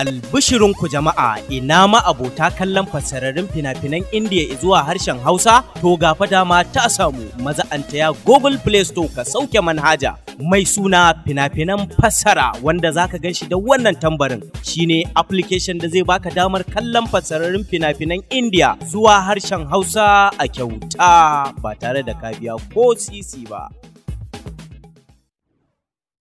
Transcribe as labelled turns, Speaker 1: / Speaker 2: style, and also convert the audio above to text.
Speaker 1: Albishirinku jama'a ina ma abota kallon fasararrun fina-finan Indiya zuwa harshen Hausa to gafa dama ta samu maza'antaya Google Play Store ka sauke manhaja mai suna fina-finan fassara wanda za ka gan shi da wannan tambarin shine application da zai baka damar kallon fasararrun fina-finan Indiya zuwa harshen Hausa a kyauta ba tare da ka biya ko sisi ba.